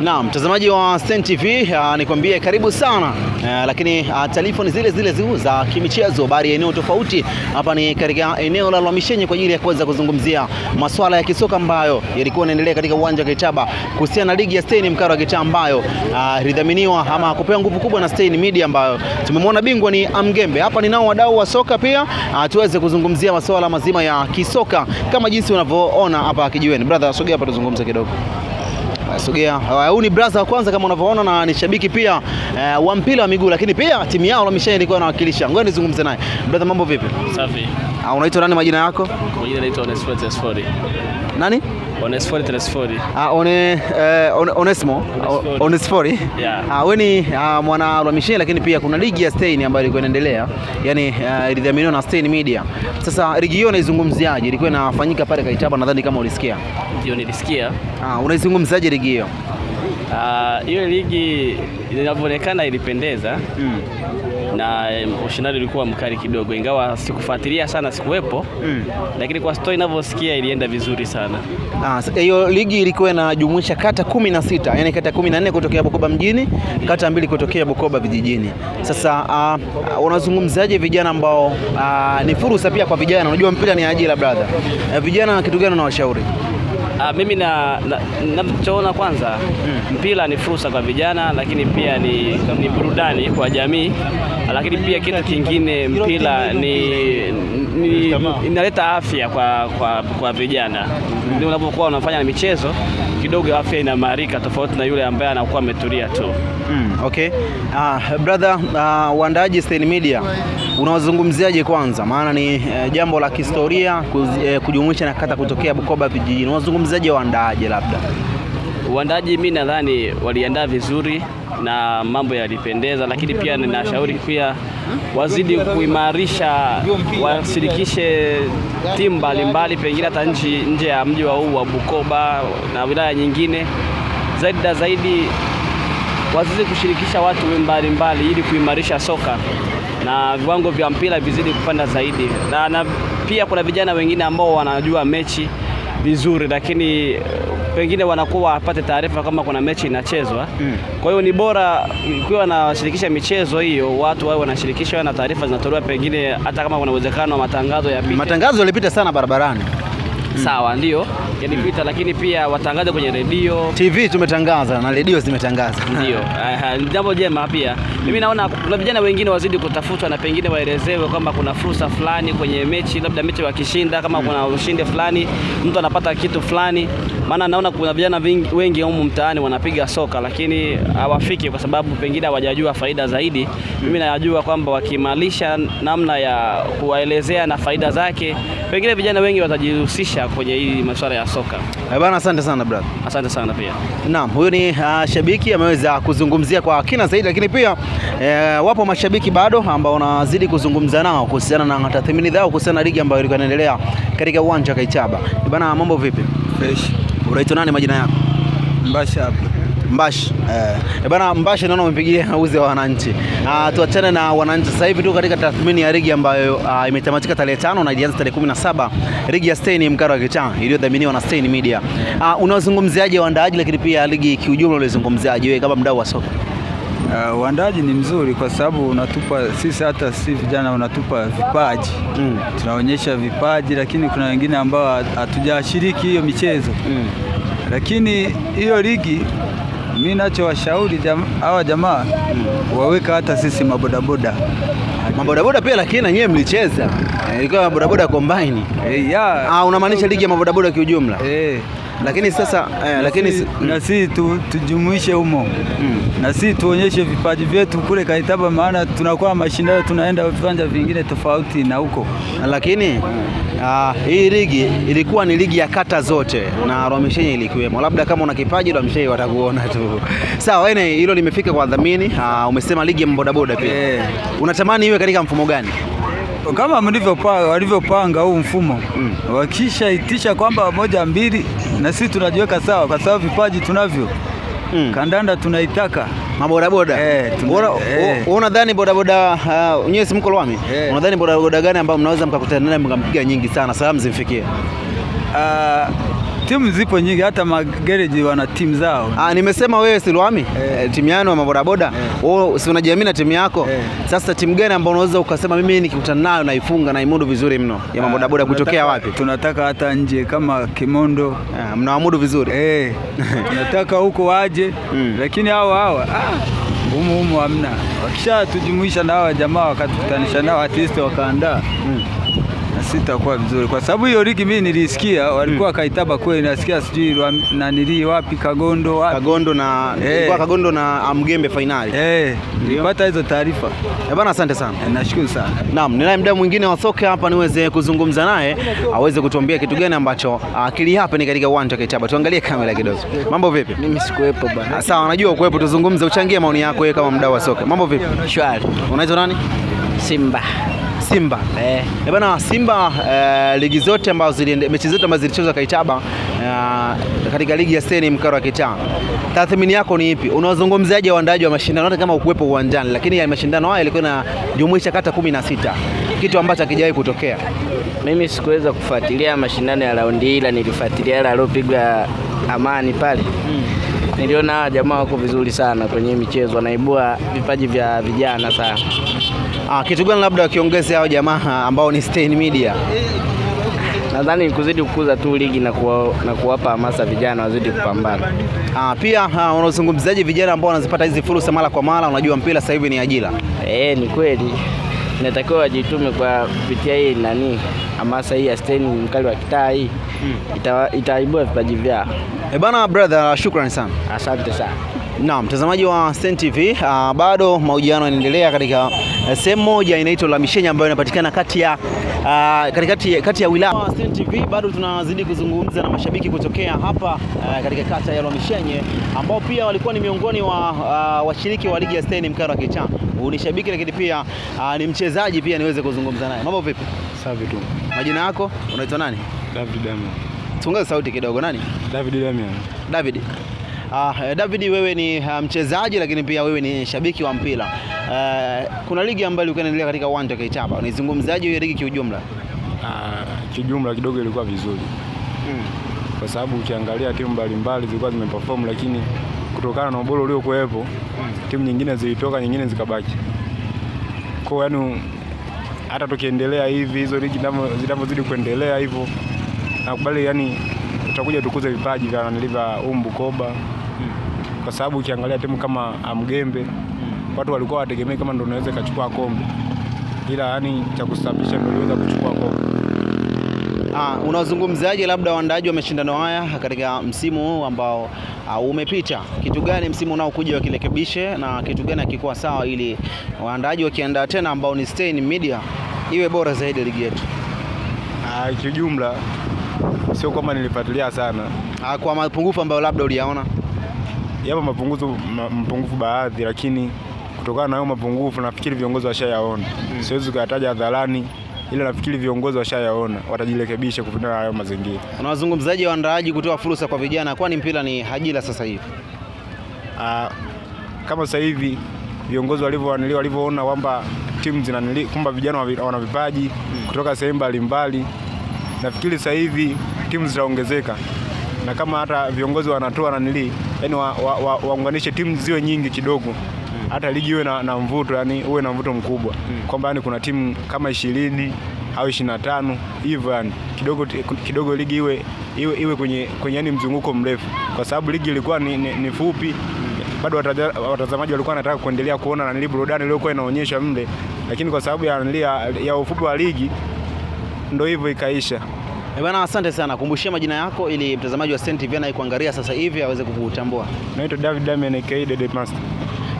Naam, mtazamaji wa Stein TV ah, nikwambie karibu sana a, ah, lakini ah, taarifa ni zile zile ziu za kimichezo, bari ya eneo tofauti. Hapa ni katika eneo la Lwamishenye kwa ajili ya kuweza kuzungumzia masuala ya kisoka ambayo yalikuwa yanaendelea katika uwanja wa Kitaba kuhusiana na ligi ya Stein Mkaro wa Kitaba ambayo ilidhaminiwa ama kupewa nguvu kubwa na Stein Media ambayo tumemwona bingwa ni Amgembe. Hapa ninao wadau wa soka pia a, tuweze kuzungumzia masuala mazima ya kisoka kama jinsi unavyoona hapa kijiweni. Brother, sogea hapa tuzungumze kidogo. Sogea. Eh, Huyu ni brother wa kwanza kama unavyoona na ni shabiki pia uh, wa mpira wa miguu lakini pia timu yao la ilikuwa inawakilisha. Ngoja nizungumze naye. Brother, mambo vipi? Safi. Uh, unaitwa nani majina yako? Majina naitwa Onesphorus Asfori. Nani? Onesfori Onesfori. Ah, one, uh, eh, on, Onesmo. Onesfori. Yeah. Ah, wewe ni ah, mwana Michelle lakini pia kuna ligi ya Stein ambayo ilikuwa inaendelea. Yaani uh, eh, ilidhaminiwa na Stein Media. Sasa ligi hiyo unaizungumziaje? Ilikuwa inafanyika pale Kaitaba nadhani kama ulisikia. Ndio nilisikia. Ah, unaizungumziaje ligi hiyo? Ah, hiyo uh, ligi inavyoonekana ilipendeza mm. na um, ushindani ulikuwa mkali kidogo, ingawa sikufuatilia sana, sikuwepo mm. lakini kwa story ninavyosikia ilienda vizuri sana. Ah, hiyo ah, ligi ilikuwa inajumuisha kata kumi na sita yani kata kumi na nne kutokea Bukoba mjini, kata mbili kutokea Bukoba vijijini. Sasa uh, unazungumzaje vijana ambao uh, ni fursa pia kwa vijana? Unajua mpira ni ajira brother. Uh, vijana kitu gani unawashauri? A, ah, mimi na ninachoona na, kwanza hmm. Mpira ni fursa kwa vijana, lakini pia ni, ni burudani kwa jamii, lakini pia kitu kingine mpira ni, ni inaleta afya kwa, kwa, kwa vijana hmm. Unapokuwa unafanya michezo kidogo, afya inaimarika tofauti na yule ambaye anakuwa ametulia tu mm, Okay. Uh, brother, uh, ah, waandaaji Stein Media unawazungumziaje kwanza, maana ni e, jambo la kihistoria e, kujumuisha na kata kutokea Bukoba vijijini, unawazungumziaje waandaaje Labda wandaji mi nadhani waliandaa vizuri na mambo yalipendeza, lakini pia ninashauri pia wazidi kuimarisha, washirikishe timu mbalimbali, pengine hata nje ya mji wa huu wa Bukoba na wilaya nyingine, zaidi na zaidi wazidi kushirikisha watu mbalimbali ili kuimarisha soka na viwango vya mpira vizidi kupanda zaidi na, na pia kuna vijana wengine ambao wanajua mechi vizuri lakini eh, pengine wanakuwa wapate taarifa kama kuna mechi inachezwa mm. Kwa hiyo ni bora ikiwa wanashirikisha michezo hiyo, watu wao wanashirikishwa na taarifa zinatolewa, pengine hata kama kuna uwezekano wa matangazo yapite. Matangazo yalipita sana barabarani. Mm. Sawa, mm. Ndio yanipita, lakini pia watangaza kwenye redio, TV tumetangaza na redio zimetangaza, ndio jambo jema. Pia mimi naona kuna vijana wengine wazidi kutafutwa na pengine waelezewe kwamba kuna fursa fulani kwenye mechi, labda mechi wakishinda, kama kuna ushindi fulani, mtu anapata kitu fulani. Maana naona kuna vijana wengi humu mtaani wanapiga soka, lakini hawafiki kwa sababu pengine hawajajua faida zaidi. Mimi najua kwamba wakimalisha namna ya kuwaelezea na faida zake, pengine vijana wengi watajihusisha kwenye hii masuala ya soka. Eh bana, asante sana brother. Asante sana pia. Naam, huyu ni uh, shabiki ameweza kuzungumzia kwa kina zaidi, lakini pia eh, wapo mashabiki bado ambao wanazidi kuzungumza nao kuhusiana na tathmini zao kuhusiana na ligi ambayo ilikuwa inaendelea katika uwanja wa Kaitaba. bana, mambo vipi? Fresh. Unaitwa nani majina yako? Mbasha hapa. Mbashi eh, eh, bana Mbashi naona umepigia uzi wa wananchi. Ah, tuachane na wananchi sasa hivi tu katika tathmini ya ligi ambayo ah, imetamatika tarehe tano na ilianza tarehe 17, ligi ya Stein Mkaro wa Kichaa iliyodhaminiwa na Stein Media. Ah, unawazungumziaje waandaaji lakini pia ligi kiujumla unaizungumziaje wewe kama mdau wa soka? Uh, eh, uandaaji ni mzuri kwa sababu unatupa sisi hata si vijana unatupa vipaji mm. Tunaonyesha vipaji, lakini kuna wengine ambao hatujashiriki hiyo michezo mm. Lakini hiyo ligi mi nacho washauri hawa jam, jamaa mm. waweka hata sisi mabodaboda mabodaboda pia, lakini na nyie mlicheza eh. ilikuwa mabodaboda combine. Eh, ya. Ah, unamaanisha ligi ya mabodaboda kiujumla eh lakini sasa eh, lakini na sisi tu, tujumuishe humo mm. na sisi tuonyeshe vipaji vyetu kule Kaitaba, maana tunakuwa mashindano tunaenda viwanja vingine tofauti na huko, lakini Uh, hii ligi ilikuwa ni ligi ya kata zote na Rwamishenye ilikiwemo. Labda kama una kipaji Rwamishenye watakuona tu. Sawa, hilo limefika kwa dhamini. Uh, umesema ligi ya mbodaboda pia. Yeah. Unatamani iwe katika mfumo gani? kama walivyopanga huu mfumo mm. Wakishaitisha kwamba moja mbili, na sisi tunajiweka sawa, kwa sababu vipaji tunavyo mm. Kandanda tunaitaka mabodaboda eh, eh. Unadhani bodaboda uh, nyewe si mko Lwami eh? Unadhani bodaboda gani ambayo mnaweza mkakutana naye mkampiga nyingi sana salamu zimfikie? Uh, timu zipo nyingi, hata magereji wana timu zao. Ah, nimesema wewe Silwami eh. eh, timu yano mabodaboda wewe eh, oh, si unajiamini na timu yako eh. Sasa timu gani ambayo unaweza ukasema mimi nikikutana nayo naifunga na imudu vizuri mno ya ah, mabodaboda kutokea wapi? Tunataka hata nje kama Kimondo. Ah, mnaamudu vizuri eh. Tunataka huko waje mm. Lakini hawa hawa ah, umuhumu hamna. Wakisha tujumuisha na hawa jamaa wakatutanisha nao at least wakaandaa sitakuwa vizuri, kwa sababu hiyo ligi mimi nilisikia hmm. walikuwa kaitaba kweli, nasikia sijui nili wapi Kagondo wapi. Kagondo na hey. Eh. Kagondo na Amgembe fainali hey. Eh. Nilipata hizo taarifa eh, bana, asante sana e, nashukuru sana naam. Ninaye mdau mwingine wa soka hapa niweze kuzungumza naye aweze kutuambia kitu gani ambacho akili ah, hapa ni katika uwanja wa Kaitaba. Tuangalie kamera kidogo. Mambo vipi? Mimi sikuepo bana. Ah, sawa, najua ukuepo, tuzungumze, uchangie maoni yako wewe kama mdau wa soka. Mambo vipi? Shwari. Unaitwa nani? Simba Simba eh, eh, bana Simba eh, ligi zote ambazo mechi zote ambazo zilichezwa Kaitaba eh, katika ligi ya Seni mkaro wa kitaa, tathmini yako ni ipi? Unawazungumziaje waandaaji wa mashindano hata kama ukuwepo uwanjani, lakini mashindano haya yalikuwa na jumuisha kata kumi na sita, kitu ambacho hakijawahi kutokea. Mimi sikuweza kufuatilia mashindano ya raundi ila nilifuatilia yale aliyopiga Amani pale hmm. Niliona jamaa wako vizuri sana kwenye michezo, wanaibua vipaji vya vijana sana. Ah, kitu gani labda wakiongeze hao jamaa ah, ambao ni Stein Media? Nadhani kuzidi kukuza tu ligi na, kuwa, na kuwapa hamasa vijana wazidi kupambana. Ah, pia unazungumziaje ah, vijana ambao wanazipata hizi fursa mara kwa mara? Unajua mpira sasa hivi ni ajira. Eh, ni kweli natakiwa wajitume kwa kupitia hii nani hamasa hii ya Stein mkali wa kitaa hii hmm. Itaibua ita vipaji vyao. Eh bana brother, shukrani sana. Asante sana. Na mtazamaji wa Stein TV uh, ah, bado mahojiano yanaendelea katika eh, sehemu moja inaitwa lamishenye ambayo inapatikana kati ya uh, katikati kati ya wilaya. Stein TV bado tunazidi kuzungumza na mashabiki kutokea hapa uh, katika kata ya lamishenye ambao pia walikuwa ni miongoni wa uh, washiriki wa ligi ya Stein mkara wa Kichaa. Ni shabiki lakini pia uh, ni mchezaji pia niweze kuzungumza naye. Mambo vipi? Safi tu. Majina yako unaitwa nani? David Damian. Tuongeze sauti kidogo nani? David Damian. David. Uh, David wewe ni eh, mchezaji lakini pia wewe ni shabiki wa mpira uh, kuna ligi ambayo ilikuwa inaendelea katika uwanja wa Kaitaba, unaizungumzaje hiyo ligi kiujumla? Uh, kiujumla kidogo ilikuwa vizuri mm. kwa sababu ukiangalia timu mbalimbali zilikuwa zimeperform, lakini kutokana na ubora uliokuwepo mm. timu nyingine zilitoka, nyingine zikabaki. Kwa yani hata tukiendelea hivi hizo ligi zinavyozidi kuendelea hivyo, nakubali yani tutakuja tukuze vipaji vya umbu koba kwa sababu ukiangalia timu kama Amgembe watu walikuwa wategemea kama ndio unaweza kuchukua kombe, ila yani cha kusababisha ndio unaweza kuchukua kombe. Ah, unazungumziaje labda waandaaji wa mashindano haya katika msimu huu ambao uh, umepita? Kitu gani msimu unaokuja wakirekebishe na kitu gani hakikuwa sawa, ili waandaaji wakiandaa tena ambao ni Stein Media iwe bora zaidi ligi yetu? Ah, kiujumla sio kwamba nilifuatilia sana. Ah, kwa mapungufu ambayo labda uliyaona yapo mapungufu, mapungufu baadhi, lakini kutokana na hayo mapungufu nafikiri viongozi washayaona mm. Siwezi kuyataja hadharani ila nafikiri viongozi washayaona, watajirekebisha kupitana hayo mazingira. Unawazungumzaji waandaaji kutoa fursa kwa vijana, kwani mpira ni ajira sasa hivi. Ah, kama sasa hivi viongozi walivyoona kwamba timu zinanili kwamba vijana wana vipaji mm. kutoka sehemu mbalimbali, nafikiri sasa hivi timu zitaongezeka, na kama hata viongozi wanatoa nanili yani waunganishe wa, wa, wa timu ziwe nyingi kidogo hmm. hata ligi iwe na, na mvuto yani uwe na mvuto mkubwa mm. kwamba yani kuna timu kama ishirini au ishirini na tano hivyo yani kidogo, kidogo ligi iwe, iwe, iwe kwenye, kwenye yani mzunguko mrefu, kwa sababu ligi ilikuwa ni, ni, ni fupi mm. bado watazamaji walikuwa wanataka kuendelea kuona nanili burudani iliyokuwa inaonyesha mle, lakini kwa sababu ya, ya ufupi wa ligi ndo hivyo ikaisha. Eh, bana asante sana. Kumbushia majina yako ili mtazamaji wa Stein TV anayekuangalia sasa hivi aweze kukutambua. Naitwa David Damian aka Dede Master.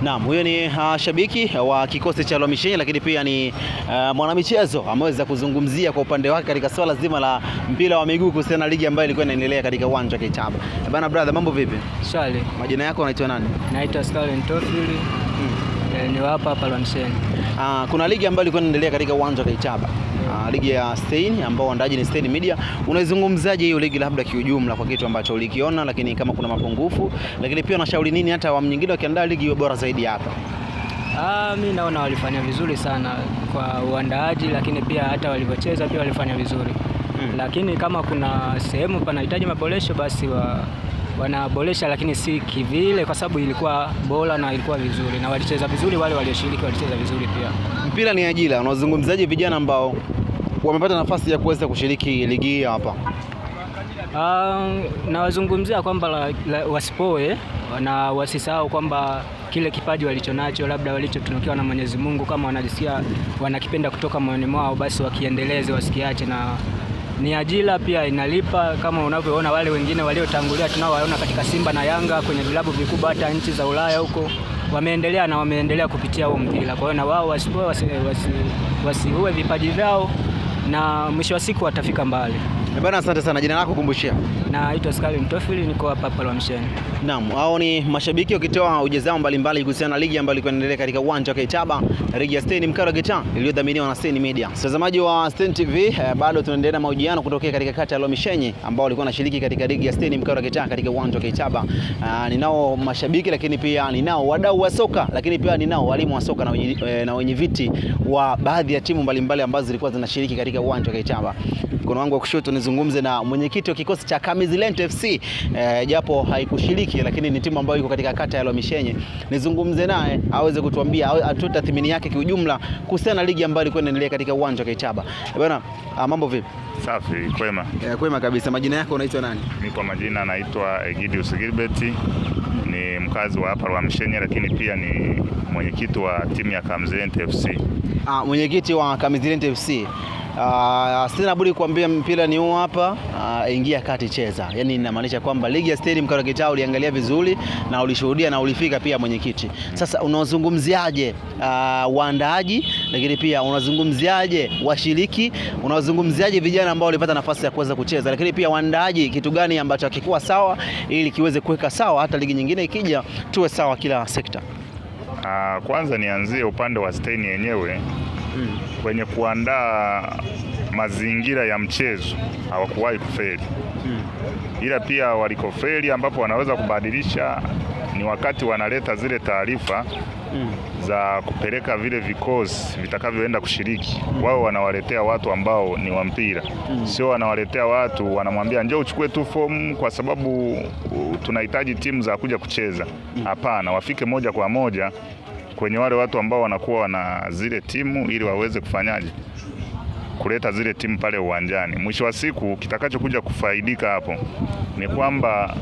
Naam, huyo ni uh, shabiki wa kikosi cha Lwa lakini pia ni uh, mwanamichezo ameweza kuzungumzia kwa upande wake katika swala zima la mpira wa miguu kuhusiana na ligi ambayo ilikuwa inaendelea katika uwanja wa Kitaba. Eh, bana brother, mambo vipi? Shwari. Majina yako unaitwa nani? Naitwa Scarlett Tofili. Hmm. E, eh, ni hapa hapa Lwa Ah, Uh, kuna ligi ambayo ilikuwa inaendelea katika uwanja wa Kitaba uh, ligi ya Stein ambao waandaaji ni Stein Media. Unaizungumzaje hiyo ligi labda kiujumla, kwa kitu ambacho ulikiona, lakini kama kuna mapungufu, lakini pia unashauri nini hata awamu nyingine wakiandaa ligi iwe bora zaidi hapa? Ah, mimi naona walifanya vizuri sana kwa uandaaji, lakini pia hata walivyocheza pia walifanya vizuri hmm. Lakini kama kuna sehemu panahitaji maboresho basi wa wanaboresha lakini si kivile, kwa sababu ilikuwa bora na ilikuwa vizuri na walicheza vizuri, wale walioshiriki walicheza vizuri pia. Mpira ni ajira, unazungumzaje vijana ambao wamepata nafasi ya kuweza kushiriki ligi hii hapa? Um, nawazungumzia kwamba wasipoe na wasisahau kwamba kile kipaji walichonacho labda walichotunukiwa na Mwenyezi Mungu, kama wanajisikia wanakipenda kutoka moyoni mwao, basi wakiendeleze, wasikiache. Na ni ajira pia, inalipa kama unavyoona wale wengine waliotangulia tunaowaona katika Simba na Yanga kwenye vilabu vikubwa, hata nchi za Ulaya huko wameendelea na wameendelea kupitia huo mpira. Kwa hiyo na wao wasipoe, wasiue wasi, wasi vipaji vyao na mwisho wa siku atafika mbali. Eh, bana, asante sana. Jina lako kumbushia? Naitwa Skali Mtofili, niko hapa pale Msheni. Naam, hao ni mashabiki wakitoa ujezao mbalimbali kuhusiana na ligi ambayo ilikuwa inaendelea katika uwanja wa Kitaba, ligi ya Stein Mkali wa Geita iliyodhaminiwa na Stein Media. Watazamaji wa Stein TV eh, bado tunaendelea na mahojiano kutokea katika kata ya Lomishenyi ambao walikuwa wanashiriki katika ligi ya Stein Mkali wa Geita katika uwanja wa Kitaba. Ah, ninao mashabiki lakini pia ninao wadau wa soka lakini pia ninao walimu wa soka na wenye, eh, na wenye viti wa baadhi ya timu mbalimbali ambazo zilikuwa zinashiriki katika uwanja wa Kitaba. Mkono wangu wa kushoto ni tuzungumze na mwenyekiti wa kikosi cha Kamizilento FC e, eh, japo haikushiriki lakini ni timu ambayo iko katika kata ya Lomishenye. Nizungumze naye aweze kutuambia au tathmini yake kiujumla kuhusiana na ligi ambayo ilikuwa inaendelea katika uwanja wa Kaitaba. Eh, bwana, ah, mambo vipi? Safi, kwema. E, kwema kabisa. Majina yako unaitwa nani? Mimi kwa majina naitwa Egidius Gilbert ni mkazi wa hapa Lwamishenye lakini pia ni mwenyekiti wa timu ya Kamizilento FC. Ah, mwenyekiti wa Kamizilento FC. Uh, sina budi kuambia mpira ni huu hapa. Uh, ingia kati cheza, yaani inamaanisha kwamba ligi ya Stadium Karo uliangalia vizuri na ulishuhudia na ulifika pia mwenyekiti. Sasa unazungumziaje uh, ah, waandaaji, lakini pia unazungumziaje washiriki, unazungumziaje vijana ambao walipata nafasi ya kuweza kucheza, lakini pia waandaaji, kitu gani ambacho hakikuwa sawa ili kiweze kuweka sawa, hata ligi nyingine ikija tuwe sawa kila sekta. Uh, kwanza nianzie upande wa steni yenyewe mm wenye kuandaa mazingira ya mchezo hawakuwahi kufeli, ila pia walikofeli ambapo wanaweza kubadilisha ni wakati wanaleta zile taarifa mm. za kupeleka vile vikosi vitakavyoenda kushiriki mm. wao wanawaletea watu ambao ni wa mpira mm. sio wanawaletea watu wanamwambia njoo uchukue tu fomu kwa sababu uh, tunahitaji timu za kuja kucheza hapana mm. wafike moja kwa moja kwenye wale watu ambao wanakuwa wana zile timu ili waweze kufanyaje kuleta zile timu pale uwanjani. Mwisho wa siku kitakachokuja kufaidika hapo ni kwamba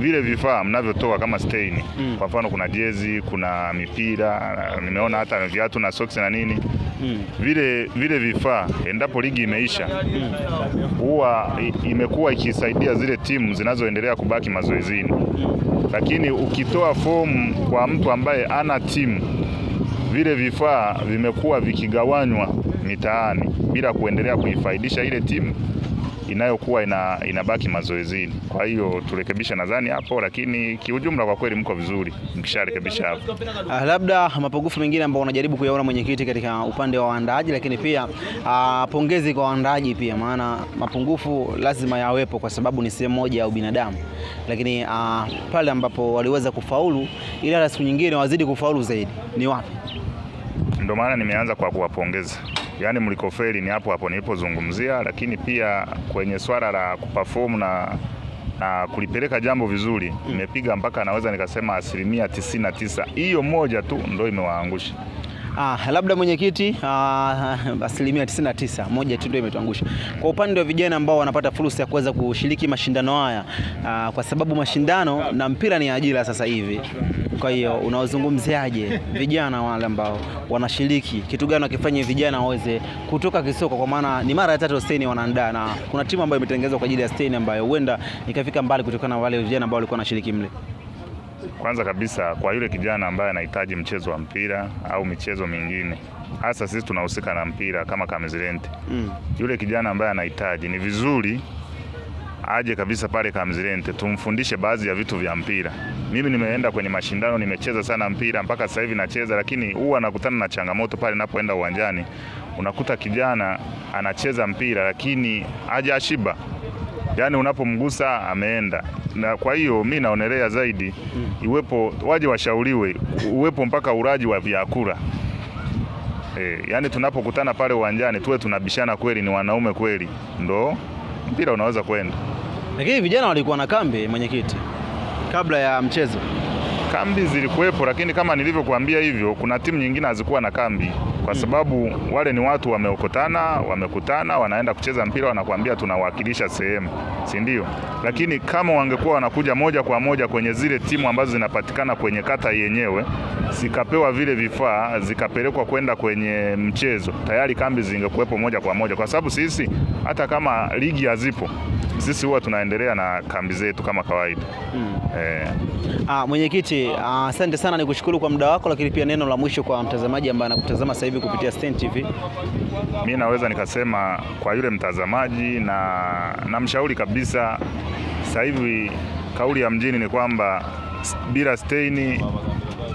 vile vifaa mnavyotoa kama steini mm. Kwa mfano kuna jezi, kuna mipira, nimeona hata viatu na socks na nini mm. Vile vile vifaa endapo ligi imeisha mm. huwa mm. imekuwa ikisaidia zile timu zinazoendelea kubaki mazoezini mm. Lakini ukitoa fomu kwa mtu ambaye ana timu, vile vifaa vimekuwa vikigawanywa mitaani bila kuendelea kuifaidisha ile timu inayokuwa ina, inabaki mazoezini. Kwa hiyo turekebisha nadhani hapo, lakini kiujumla kwa kweli mko vizuri mkisharekebisha hapo. Uh, labda mapungufu mengine ambao unajaribu kuyaona mwenyekiti katika upande wa waandaaji, lakini pia uh, pongezi kwa waandaaji pia, maana mapungufu lazima yawepo kwa sababu ni sehemu moja ya ubinadamu, lakini uh, pale ambapo waliweza kufaulu, ila siku nyingine wazidi kufaulu zaidi. Ni wapi? Ndio maana nimeanza kwa kuwapongeza yaani mlikofeli ni hapo hapo nilipozungumzia, lakini pia kwenye swala la kuperform na na kulipeleka jambo vizuri, mm. nimepiga mpaka naweza nikasema asilimia tisini na tisa. Hiyo moja tu ndo imewaangusha. Ah, labda mwenyekiti, ah, asilimia 99 moja tu ndio imetuangusha kwa upande wa vijana ambao wanapata fursa ya kuweza kushiriki mashindano haya ah, kwa sababu mashindano na mpira ni ajira sasa hivi. Kwa hiyo unaozungumziaje vijana wale ambao wanashiriki, kitu gani wakifanya vijana waweze kutoka kisoko? Kwa maana ni mara ya tatu steni wanaandaa na kuna timu ambayo imetengenezwa kwa ajili ya steni ambayo huenda ikafika mbali kutokana na wale vijana ambao walikuwa wanashiriki mle. Kwanza kabisa kwa yule kijana ambaye anahitaji mchezo wa mpira au michezo mingine, hasa sisi tunahusika na mpira kama kamzirente mm. Yule kijana ambaye anahitaji ni vizuri aje kabisa pale Kamzilenti tumfundishe baadhi ya vitu vya mpira. Mimi nimeenda kwenye mashindano, nimecheza sana mpira mpaka sasa hivi nacheza, lakini huwa nakutana na changamoto pale napoenda uwanjani, unakuta kijana anacheza mpira lakini haja ashiba yaani unapomgusa ameenda. Na kwa hiyo mi naonelea zaidi iwepo waje washauriwe, uwepo mpaka uraji wa vyakula e, yaani tunapokutana pale uwanjani tuwe tunabishana kweli, ni wanaume kweli, ndo mpira unaweza kwenda. Lakini vijana walikuwa na kambi, mwenyekiti, kabla ya mchezo kambi zilikuwepo, lakini kama nilivyokuambia hivyo, kuna timu nyingine hazikuwa na kambi kwa mm. sababu wale ni watu wameokotana, wamekutana, wanaenda kucheza mpira, wanakuambia tunawakilisha sehemu, si ndio? Lakini kama wangekuwa wanakuja moja kwa moja kwenye zile timu ambazo zinapatikana kwenye kata yenyewe, zikapewa vile vifaa, zikapelekwa kwenda kwenye mchezo, tayari kambi zingekuwepo moja kwa moja, kwa sababu sisi hata kama ligi hazipo sisi huwa tunaendelea na kambi zetu kama kawaida mm. eh. Ah, mwenyekiti, ah, asante ah, sana nikushukuru kwa muda wako, lakini pia neno la mwisho kwa mtazamaji ambaye anakutazama sasa hivi kupitia Stein TV. Mimi naweza nikasema kwa yule mtazamaji na namshauri kabisa, sasa hivi kauli ya mjini ni kwamba bila Stein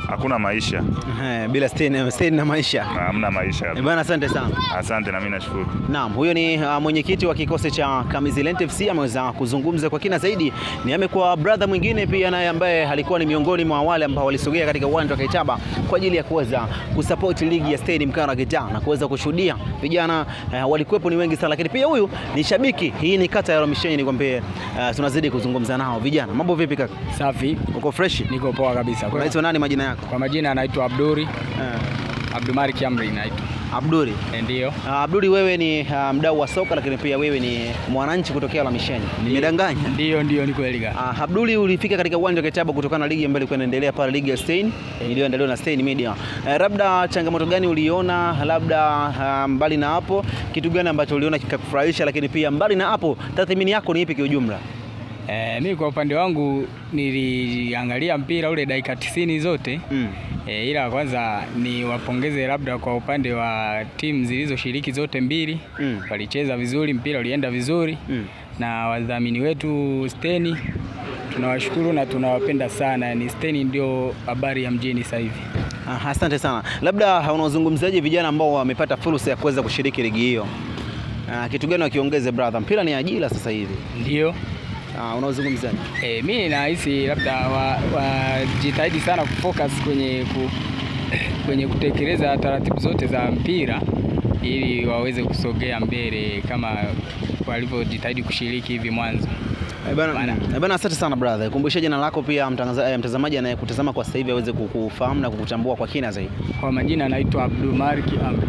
hakuna maisha eh, bila steni, steni na maisha hamna maisha eh, bwana. Asante sana. Asante na mimi nashukuru. Naam, huyo ni uh, mwenyekiti wa kikosi cha Kamizilent FC ameweza kuzungumza kwa kina zaidi. Ni amekuwa brother mwingine pia naye ambaye alikuwa ni miongoni mwa wale ambao walisogea katika uwanja wa Kaitaba kwa ajili ya kuweza kusupport ligi ya steni mkana kijana na kuweza kushuhudia vijana uh, walikuwepo ni wengi sana, lakini pia huyu ni shabiki. Hii ni kata ya Romisheni, nikwambie uh, tunazidi kuzungumza nao vijana. Mambo vipi kaka? Safi. Uko fresh? Niko poa kabisa. Unaitwa nani majina yako? Kwa majina anaitwa Abduri uh. Abdumari Kiamri naitwa Abduri. Eh, ndio. Uh, Abduri wewe ni uh, mdau wa soka lakini pia wewe ni mwananchi kutokea Misheni. Nimedanganya? Ndio, ndio ni kweli gani. Uh, Abduri ulifika katika uwanja wa Kitaba kutokana na ligi ambayo ilikuwa inaendelea pale ligi ya Stein eh. iliyoandaliwa na Stein Media. Uh, labda changamoto gani uliona labda uh, mbali na hapo kitu gani ambacho uliona kikakufurahisha lakini pia mbali na hapo tathmini yako ni ipi kiujumla? E, mi kwa upande wangu niliangalia mpira ule dakika tisini zote mm. E, ila kwanza niwapongeze labda kwa upande wa timu zilizoshiriki zote mbili mm. Walicheza vizuri, mpira ulienda vizuri mm. Na wadhamini wetu Steni tunawashukuru na tunawapenda sana, ni Steni ndio habari ya mjini sasa hivi. Ah, asante sana. Labda unaozungumzaje vijana ambao wamepata fursa ya kuweza kushiriki ligi hiyo? Ah, kitu gani wakiongeze brother? Mpira ni ajira sasa hivi. Ndio. Ah, unaozungumzia? Eh, mimi nahisi labda wajitahidi wa sana kufocus kwenye ku, kwenye kutekeleza taratibu zote za mpira ili waweze kusogea mbele kama walivyojitahidi kushiriki hivi mwanzo. Eh, mm, eh, bana, asante sana brother. Kumbusha jina lako pia eh, mtazamaji anayekutazama kwa sasa hivi aweze kukufahamu na kukutambua kwa kina zaidi. Kwa majina anaitwa Abdulmalik Amri.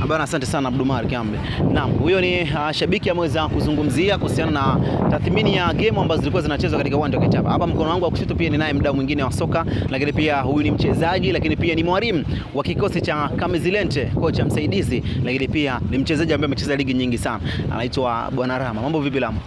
Ah, Bana, asante sana Abdumar Kambe. Naam, huyo ni uh, shabiki ameweza kuzungumzia kuhusiana na tathmini ya game ambazo zilikuwa zinachezwa katika uwanja wa Kitaba. Hapa mkono wangu wa kushoto pia ninaye mdau mwingine wa soka, lakini pia huyu ni mchezaji, lakini pia ni mwalimu wa kikosi cha Kamizilente, kocha msaidizi, lakini pia ni mchezaji ambaye amecheza ligi nyingi sana, anaitwa Bwana Rama. Mambo vipi Rama?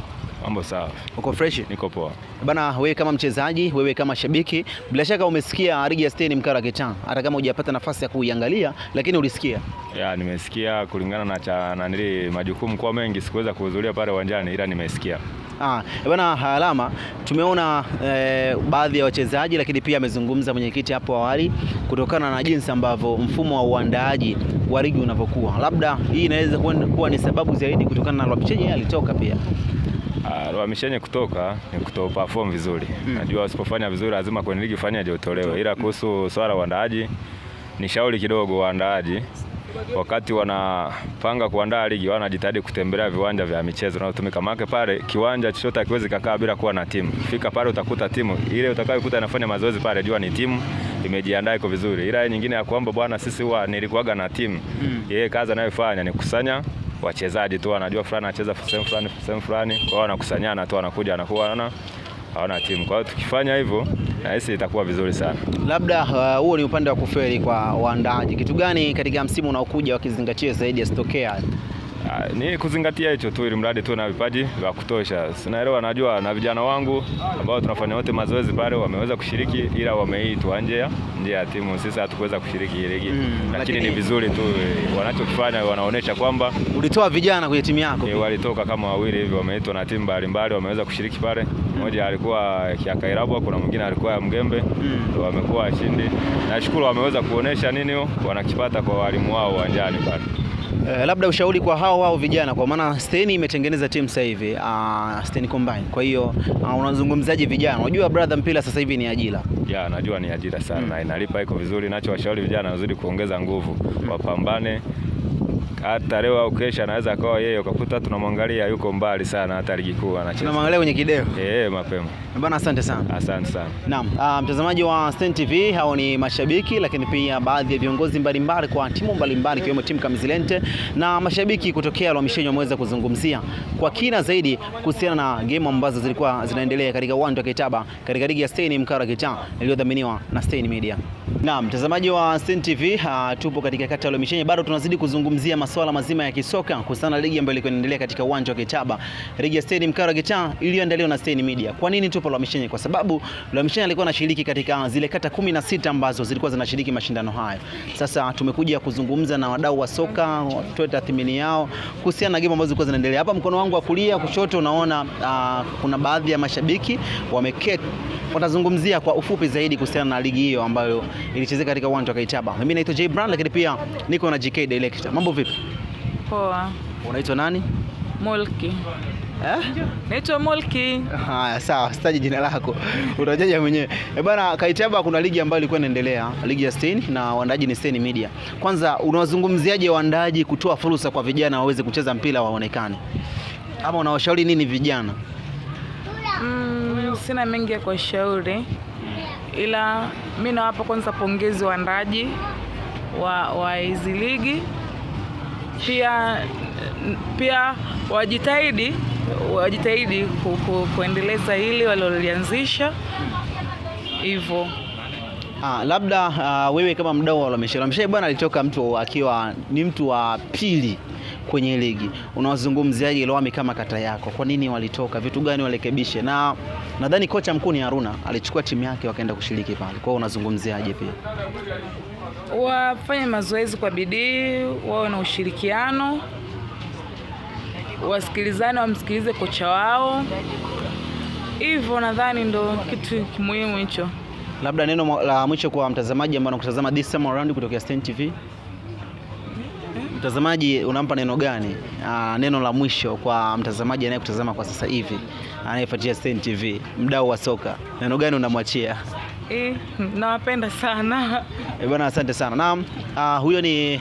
Mambo sawa. Uko fresh? Niko poa. Bana, wewe kama mchezaji, wewe kama shabiki, bila shaka umesikia Arija Stay mkara Ketan, hata kama hujapata nafasi ya kuiangalia, lakini ulisikia. Ya, nimesikia kulingana na cha nili majukumu kwa mengi sikuweza kuhudhuria pale uwanjani ila nimesikia. Ah, eh, bana Alama, tumeona eh, baadhi ya wachezaji lakini pia amezungumza mwenyekiti hapo awali kutokana na jinsi ambavyo mfumo wa uandaaji wa ligi unavyokuwa. Labda hii inaweza kuwa ni sababu zaidi kutokana na Lwapichenya alitoka pia. Uh, ah, wamishenye kutoka ni kutoperform vizuri mm. Najua usipofanya vizuri lazima kwenye ligi ndio utolewe, ila mm. kuhusu swala waandaaji ni shauri kidogo, waandaaji wakati wanapanga kuandaa ligi wanajitahidi kutembelea viwanja vya michezo naotumika, maana pale kiwanja chochote hakiwezi kukaa bila kuwa na timu. Fika pale utakuta timu ile utakayokuta inafanya mazoezi pale, jua ni timu imejiandaa iko vizuri, ila nyingine ya kwamba bwana, sisi huwa nilikuaga na timu mm. yeye, kazi anayofanya ni kusanya wachezaji tu wanajua fulani anacheza sehemu fulani sehemu fulani, kwao wanakusanyana tu wanakuja wanakuwa wana hawana timu. Kwa hiyo tukifanya hivyo nahisi itakuwa vizuri sana. Labda uh, huo uh, ni upande wa kufeli kwa waandaji. Kitu gani katika msimu unaokuja wakizingatia zaidi asitokea ni kuzingatia hicho tu, ili mradi tuwe na vipaji vya kutosha. Sinaelewa, najua na vijana wangu ambao tunafanya wote mazoezi pale wameweza kushiriki, ila wameitwa nje ya timu. Sisi hatukuweza kushiriki ligi mm, lakini ni vizuri tu wanachokifanya, wanaonesha kwamba ulitoa vijana kwenye timu yako. E, walitoka kama wawili hivi, wameitwa na timu mbalimbali, wameweza kushiriki pale. Mm. Mmoja alikuwa Kiakairabwa, kuna mwingine alikuwa Mgembe mm. Wamekuwa washindi, nashukuru wameweza kuonesha nini wanakipata kwa walimu wao uwanjani pale. Eh, labda ushauri kwa hao wao vijana kwa maana steni imetengeneza timu sasa hivi, uh, ah, Steni Combine. Kwa hiyo uh, unazungumzaje vijana? Unajua brother, mpira sasa hivi ni ajira. Yeah, najua ni ajira sana hmm. na mm. inalipa iko vizuri. Nacho washauri vijana wazidi kuongeza nguvu, hmm. wapambane hata leo au kesho anaweza akawa yeye, ukakuta tunamwangalia yuko mbali sana, hata ligi kuu anacheza, tunamwangalia kwenye kideo eh, mapema eh, bana. Asante sana, asante sana. Naam, uh, mtazamaji wa Stein TV, hao ni mashabiki, lakini pia baadhi ya viongozi mbalimbali kwa timu mbalimbali ikiwemo timu Kamizilente na mashabiki kutokea Lwamishenyi wameweza kuzungumzia kwa kina zaidi kuhusiana na game ambazo zilikuwa zinaendelea katika uwanja wa Kitaba katika ligi ya Stein Mkara Kitaa iliyodhaminiwa na Stein Media. Na mtazamaji wa Stein TV uh, ah, tupo katika kata ya Lomishenye, bado tunazidi kuzungumzia masuala mazima ya kisoka kuhusiana na ligi ambayo ilikuwa inaendelea katika uwanja wa Kitaba, ligi ya Stein Mkaro wa Kitaa iliyoandaliwa na Stein Media. Kwa nini tupo Lomishenye? Kwa sababu Lomishenye alikuwa anashiriki katika zile kata 16 ambazo zilikuwa zinashiriki mashindano hayo. Sasa tumekuja kuzungumza na wadau wa soka, tuwe tathmini yao kuhusiana na game ambazo zilikuwa zinaendelea. Hapa mkono wangu wa kulia kushoto, unaona uh, kuna baadhi ya mashabiki wameketi, watazungumzia kwa ufupi zaidi kuhusiana na ligi hiyo ambayo ilichezeka katika uwanja wa Kaitaba. Mimi naitwa Jay Brand, lakini pia niko na JK Director. Mambo vipi? Poa. Unaitwa nani? Molki. Eh? Naitwa Molki. Haya, sawa, sitaji jina lako. Utajaja mwenyewe. Eh, bana Kaitaba kuna ligi ambayo ilikuwa inaendelea, ligi ya Stein na waandaji ni Stein Media. Kwanza unawazungumziaje waandaji kutoa fursa kwa vijana waweze kucheza mpira waonekane? Ama unawashauri nini vijana? Mm, sina mengi ya kuwashauri ila mi nawapa kwanza pongezi waandaji wa hizi wa ligi pia pia wajitahidi wajitahidi ku, ku, kuendeleza hili waliolianzisha hivyo. Ah, labda uh, wewe kama mdau wa Al-Masry, bwana alitoka mtu akiwa ni mtu wa pili kwenye ligi, unawazungumziaje Lowami kama kata yako? Kwa nini walitoka, vitu gani warekebishe? Na nadhani kocha mkuu ni Haruna, alichukua timu yake wakaenda kushiriki pale. Kwa hiyo unazungumziaje? Pia wafanye mazoezi kwa bidii, wawe na ushirikiano, wasikilizane, wamsikilize kocha wao. Hivyo nadhani ndo kitu muhimu hicho. Labda neno la mwisho kwa mtazamaji ambaye anakutazama this time around kutoka Stein TV mtazamaji unampa neno gani? Aa, ah, neno la mwisho kwa mtazamaji anayekutazama kwa sasa hivi anayefuatia Stein TV, mdau wa soka, neno gani unamwachia? E, nawapenda sana e bwana, asante sana naam. Uh, huyo ni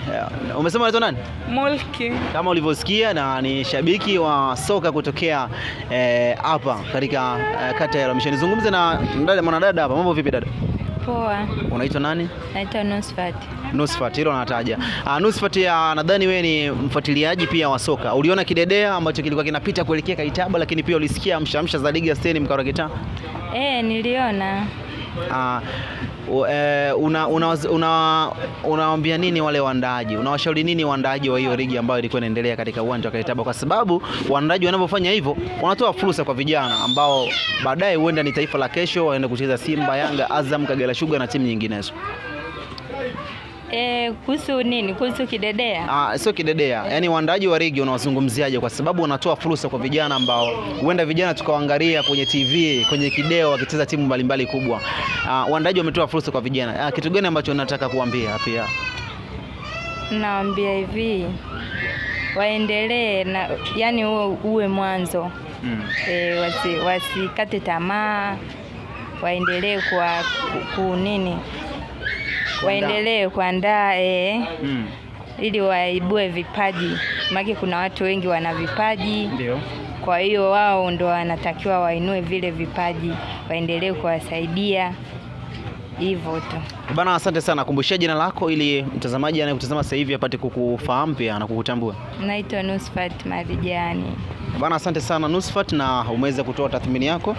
uh, umesema unaitwa nani? Molki, kama ulivyosikia, na ni shabiki wa soka kutokea hapa eh, katika eh, kata ya Ramisha. Nizungumze na mwanadada hapa, mambo vipi dada? Poa. Unaitwa nani? Naitwa Nusfat. Nusfat hilo nataja. Ah, Nusfat nadhani wewe ni mfuatiliaji pia wa soka. Uliona kidedea ambacho kilikuwa kinapita kuelekea Kaitaba, lakini pia ulisikia mshamsha za ligi ya Steni Mkwawa Kitaa? Eh, niliona. Ah, unawaambia eh, una, una, una nini wale waandaaji, unawashauri nini waandaaji wa hiyo ligi ambayo ilikuwa inaendelea katika uwanja wa Karitaba? Kwa sababu waandaaji wanavyofanya hivyo wanatoa fursa kwa vijana ambao baadaye huenda ni taifa la kesho, waende kucheza Simba, Yanga, Azam, Kagera Sugar na timu nyinginezo. Eh, kuhusu nini? Kuhusu kidedea? Ah, sio kidedea. Yaani waandaaji wa rigi unawazungumziaje kwa sababu wanatoa fursa kwa vijana ambao huenda vijana tukawaangalia kwenye TV, kwenye kideo wakicheza timu mbalimbali kubwa. Ah, waandaaji wametoa fursa kwa vijana. Ah, kitu gani ambacho nataka kuambia pia? Naambia hivi waendelee na yani uwe mwanzo mm. E, wasikate wasi tamaa waendelee kwa ku, ku nini waendelee kuandaa eh, mm. ili waibue vipaji, maana kuna watu wengi wana vipaji ndio. Kwa hiyo wao ndo wanatakiwa wainue vile vipaji, waendelee kuwasaidia hivyo tu bana. Asante sana, kumbushia jina lako ili mtazamaji anayekutazama sasa hivi apate kukufahamu pia na kukutambua. Naitwa Nusfat Marijani bana. Asante sana Nusfat, na umeweza kutoa tathmini yako.